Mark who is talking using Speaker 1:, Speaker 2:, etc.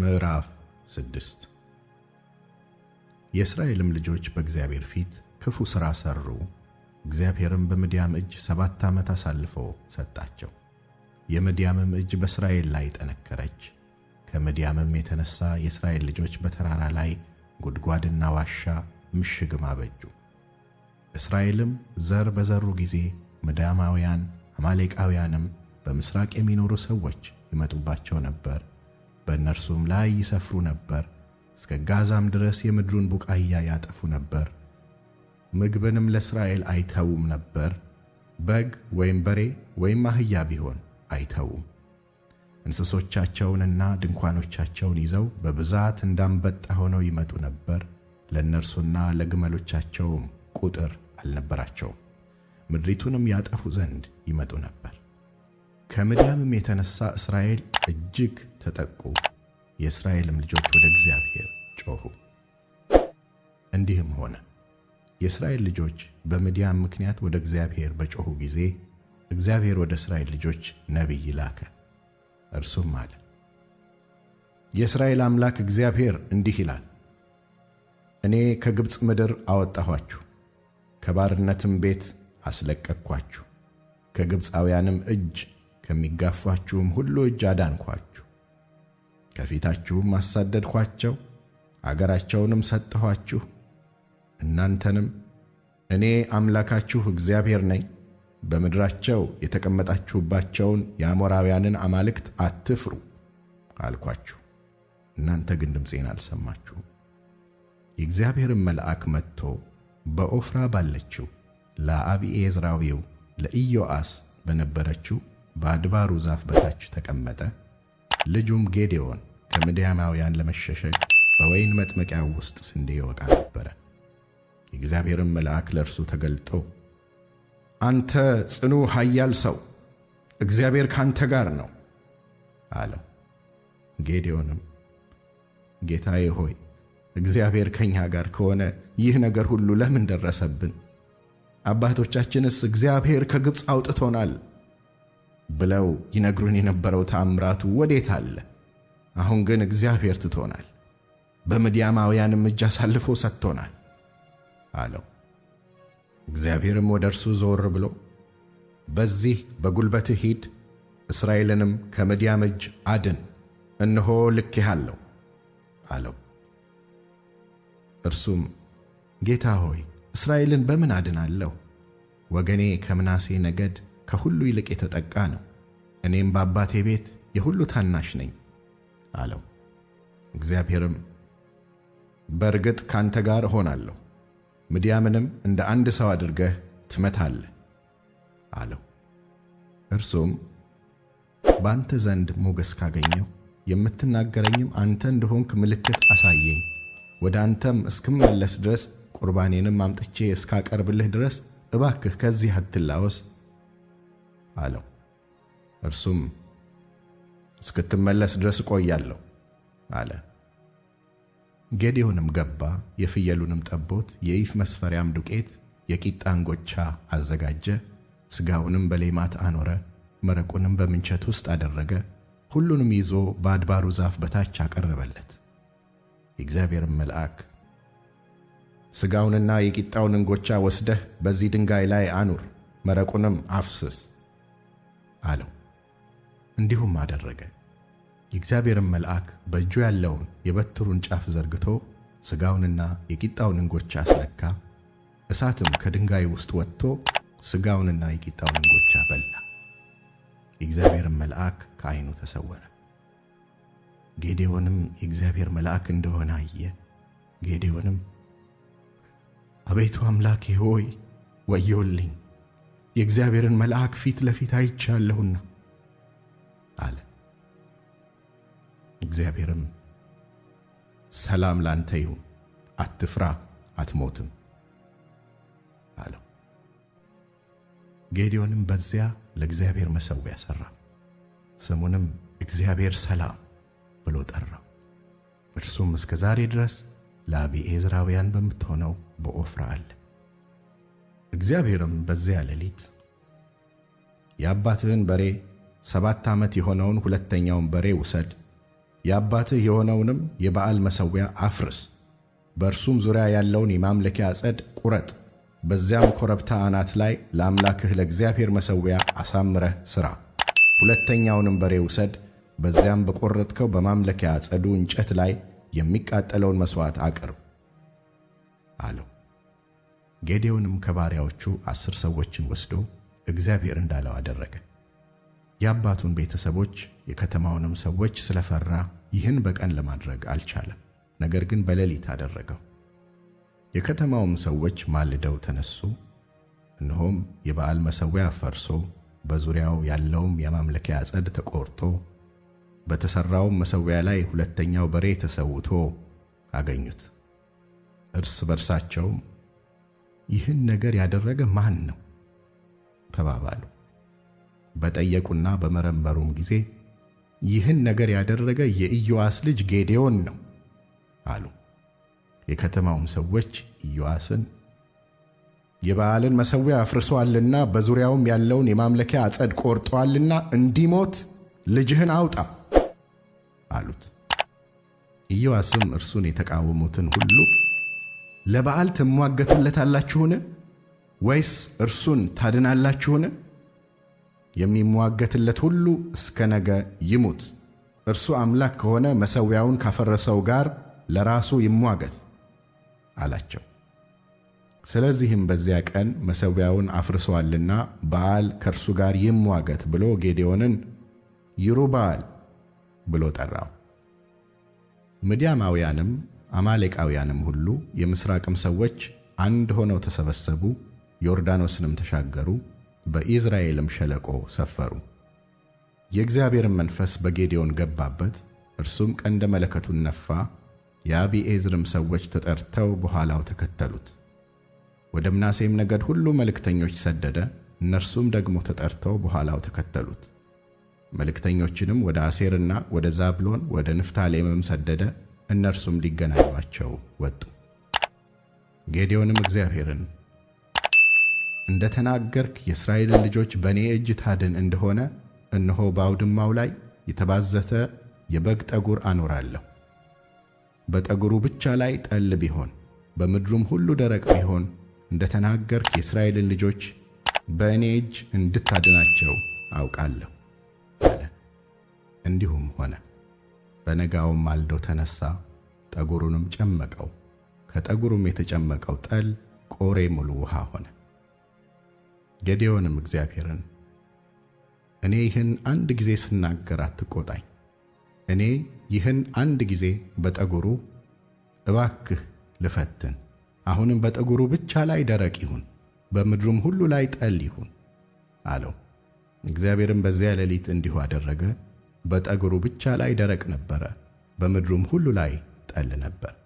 Speaker 1: ምዕራፍ ስድስት የእስራኤልም ልጆች በእግዚአብሔር ፊት ክፉ ሥራ ሠሩ። እግዚአብሔርም በምድያም እጅ ሰባት ዓመት አሳልፎ ሰጣቸው። የምድያምም እጅ በእስራኤል ላይ ጠነከረች። ከምድያምም የተነሣ የእስራኤል ልጆች በተራራ ላይ ጉድጓድና ዋሻ ምሽግም አበጁ። እስራኤልም ዘር በዘሩ ጊዜ ምድያማውያን፣ አማሌቃውያንም በምሥራቅ የሚኖሩ ሰዎች ይመጡባቸው ነበር በእነርሱም ላይ ይሰፍሩ ነበር፣ እስከ ጋዛም ድረስ የምድሩን ቡቃያ ያጠፉ ነበር። ምግብንም ለእስራኤል አይተዉም ነበር፤ በግ ወይም በሬ ወይም አህያ ቢሆን አይተዉም። እንስሶቻቸውንና ድንኳኖቻቸውን ይዘው በብዛት እንዳንበጣ ሆነው ይመጡ ነበር፤ ለእነርሱና ለግመሎቻቸውም ቁጥር አልነበራቸውም። ምድሪቱንም ያጠፉ ዘንድ ይመጡ ነበር። ከምድያምም የተነሣ እስራኤል እጅግ ተጠቁ። የእስራኤልም ልጆች ወደ እግዚአብሔር ጮኹ። እንዲህም ሆነ የእስራኤል ልጆች በምድያም ምክንያት ወደ እግዚአብሔር በጮኹ ጊዜ እግዚአብሔር ወደ እስራኤል ልጆች ነቢይ ላከ። እርሱም አለ የእስራኤል አምላክ እግዚአብሔር እንዲህ ይላል፣ እኔ ከግብፅ ምድር አወጣኋችሁ፣ ከባርነትም ቤት አስለቀቅኳችሁ፣ ከግብፃውያንም እጅ ከሚጋፏችሁም ሁሉ እጅ አዳንኳችሁ። ከፊታችሁም አሳደድኋቸው፣ አገራቸውንም ሰጠኋችሁ። እናንተንም እኔ አምላካችሁ እግዚአብሔር ነኝ፣ በምድራቸው የተቀመጣችሁባቸውን የአሞራውያንን አማልክት አትፍሩ አልኳችሁ። እናንተ ግን ድምፄን አልሰማችሁም። የእግዚአብሔርን መልአክ መጥቶ በኦፍራ ባለችው ለአቢዔዝራዊው ለኢዮአስ በነበረችው በአድባሩ ዛፍ በታች ተቀመጠ። ልጁም ጌዴዎን ከምድያማውያን ለመሸሸግ በወይን መጥመቂያ ውስጥ ስንዴ ይወቃ ነበረ። የእግዚአብሔርም መልአክ ለእርሱ ተገልጦ አንተ ጽኑ ኃያል ሰው፣ እግዚአብሔር ካንተ ጋር ነው አለው። ጌዴዎንም ጌታዬ ሆይ እግዚአብሔር ከእኛ ጋር ከሆነ ይህ ነገር ሁሉ ለምን ደረሰብን? አባቶቻችንስ እግዚአብሔር ከግብፅ አውጥቶናል ብለው ይነግሩን የነበረው ተአምራቱ ወዴት አለ? አሁን ግን እግዚአብሔር ትቶናል፣ በምድያማውያንም እጅ አሳልፎ ሰጥቶናል አለው። እግዚአብሔርም ወደ እርሱ ዞር ብሎ በዚህ በጉልበትህ ሂድ፣ እስራኤልንም ከምድያም እጅ አድን፣ እነሆ ልኬሃለሁ አለው። እርሱም ጌታ ሆይ፣ እስራኤልን በምን አድናለሁ? ወገኔ ከምናሴ ነገድ ከሁሉ ይልቅ የተጠቃ ነው፣ እኔም በአባቴ ቤት የሁሉ ታናሽ ነኝ አለው። እግዚአብሔርም በእርግጥ ካንተ ጋር እሆናለሁ፣ ምድያምንም እንደ አንድ ሰው አድርገህ ትመታለህ አለው። እርሱም በአንተ ዘንድ ሞገስ ካገኘሁ የምትናገረኝም አንተ እንደሆንክ ምልክት አሳየኝ፣ ወደ አንተም እስክመለስ ድረስ ቁርባኔንም አምጥቼ እስካቀርብልህ ድረስ እባክህ ከዚህ አትላወስ አለው። እርሱም እስክትመለስ ድረስ እቆያለሁ አለ። ጌዴዎንም ገባ፣ የፍየሉንም ጠቦት፣ የኢፍ መስፈሪያም ዱቄት፣ የቂጣ እንጎቻ አዘጋጀ። ሥጋውንም በሌማት አኖረ፣ መረቁንም በምንቸት ውስጥ አደረገ። ሁሉንም ይዞ በአድባሩ ዛፍ በታች አቀረበለት። የእግዚአብሔርም መልአክ ሥጋውንና የቂጣውን እንጎቻ ወስደህ በዚህ ድንጋይ ላይ አኑር፣ መረቁንም አፍስስ አለው። እንዲሁም አደረገ። የእግዚአብሔርን መልአክ በእጁ ያለውን የበትሩን ጫፍ ዘርግቶ ሥጋውንና የቂጣውን እንጎቻ አስነካ። እሳትም ከድንጋይ ውስጥ ወጥቶ ሥጋውንና የቂጣውን እንጎቻ በላ። የእግዚአብሔርን መልአክ ከአይኑ ተሰወረ። ጌዴዎንም የእግዚአብሔር መልአክ እንደሆነ አየ። ጌዴዎንም አቤቱ አምላኬ ሆይ ወዮልኝ የእግዚአብሔርን መልአክ ፊት ለፊት አይቻለሁና አለ። እግዚአብሔርም ሰላም ላንተ ይሁን፣ አትፍራ፣ አትሞትም አለው። ጌዲዮንም በዚያ ለእግዚአብሔር መሠዊያ ሠራ፣ ስሙንም እግዚአብሔር ሰላም ብሎ ጠራው። እርሱም እስከ ዛሬ ድረስ ኤዝራውያን በምትሆነው በኦፍራ አለ። እግዚአብሔርም በዚያ ሌሊት የአባትህን በሬ ሰባት ዓመት የሆነውን ሁለተኛውን በሬ ውሰድ፣ የአባትህ የሆነውንም የበዓል መሠዊያ አፍርስ፣ በእርሱም ዙሪያ ያለውን የማምለኪያ ዐፀድ ቁረጥ፣ በዚያም ኮረብታ አናት ላይ ለአምላክህ ለእግዚአብሔር መሠዊያ አሳምረህ ሥራ። ሁለተኛውንም በሬ ውሰድ፣ በዚያም በቈረጥከው በማምለኪያ ዐፀዱ እንጨት ላይ የሚቃጠለውን መሥዋዕት አቅርብ አለው። ጌዴዎንም ከባሪያዎቹ አስር ሰዎችን ወስዶ እግዚአብሔር እንዳለው አደረገ። የአባቱን ቤተሰቦች የከተማውንም ሰዎች ስለፈራ ይህን በቀን ለማድረግ አልቻለም፤ ነገር ግን በሌሊት አደረገው። የከተማውም ሰዎች ማልደው ተነሱ፣ እነሆም የበዓል መሠዊያ ፈርሶ በዙሪያው ያለውም የማምለኪያ አጸድ ተቆርጦ በተሠራውም መሠዊያ ላይ ሁለተኛው በሬ ተሰውቶ አገኙት። እርስ በርሳቸውም ይህን ነገር ያደረገ ማን ነው? ተባባሉ። በጠየቁና በመረመሩም ጊዜ ይህን ነገር ያደረገ የኢዮአስ ልጅ ጌዴዎን ነው አሉ። የከተማውም ሰዎች ኢዮአስን የበዓልን መሠዊያ አፍርሶአልና በዙሪያውም ያለውን የማምለኪያ አጸድ ቆርጦአልና እንዲሞት ልጅህን አውጣ አሉት። ኢዮአስም እርሱን የተቃወሙትን ሁሉ ለበዓል ትሟገቱለታላችሁን? ወይስ እርሱን ታድናላችሁን? የሚሟገትለት ሁሉ እስከ ነገ ይሙት። እርሱ አምላክ ከሆነ መሠዊያውን ካፈረሰው ጋር ለራሱ ይሟገት አላቸው። ስለዚህም በዚያ ቀን መሠዊያውን አፍርሰዋልና በዓል ከእርሱ ጋር ይሟገት ብሎ ጌዴዎንን ይሩባል ብሎ ጠራው። ምድያማውያንም አማሌቃውያንም ሁሉ የምሥራቅም ሰዎች አንድ ሆነው ተሰበሰቡ፣ ዮርዳኖስንም ተሻገሩ፣ በኢዝራኤልም ሸለቆ ሰፈሩ። የእግዚአብሔርም መንፈስ በጌዴዎን ገባበት፣ እርሱም ቀንደ መለከቱን ነፋ። የአቢዔዝርም ሰዎች ተጠርተው በኋላው ተከተሉት። ወደ ምናሴም ነገድ ሁሉ መልእክተኞች ሰደደ፣ እነርሱም ደግሞ ተጠርተው በኋላው ተከተሉት። መልእክተኞችንም ወደ አሴርና ወደ ዛብሎን ወደ ንፍታሌምም ሰደደ። እነርሱም ሊገናኟቸው ወጡ። ጌዴዎንም እግዚአብሔርን እንደ ተናገርክ የእስራኤልን ልጆች በእኔ እጅ ታድን እንደሆነ እነሆ በአውድማው ላይ የተባዘተ የበግ ጠጉር አኖራለሁ። በጠጉሩ ብቻ ላይ ጠል ቢሆን በምድሩም ሁሉ ደረቅ ቢሆን እንደ ተናገርክ የእስራኤልን ልጆች በእኔ እጅ እንድታድናቸው አውቃለሁ አለ። እንዲሁም ሆነ። በነጋውም ማልዶ ተነሳ ጠጉሩንም ጨመቀው። ከጠጉሩም የተጨመቀው ጠል ቆሬ ሙሉ ውሃ ሆነ። ጌዴዎንም እግዚአብሔርን እኔ ይህን አንድ ጊዜ ስናገር አትቆጣኝ፣ እኔ ይህን አንድ ጊዜ በጠጉሩ እባክህ ልፈትን፣ አሁንም በጠጉሩ ብቻ ላይ ደረቅ ይሁን፣ በምድሩም ሁሉ ላይ ጠል ይሁን አለው። እግዚአብሔርም በዚያ ሌሊት እንዲሁ አደረገ። በጠጉሩ ብቻ ላይ ደረቅ ነበረ፣ በምድሩም ሁሉ ላይ ጠል ነበር።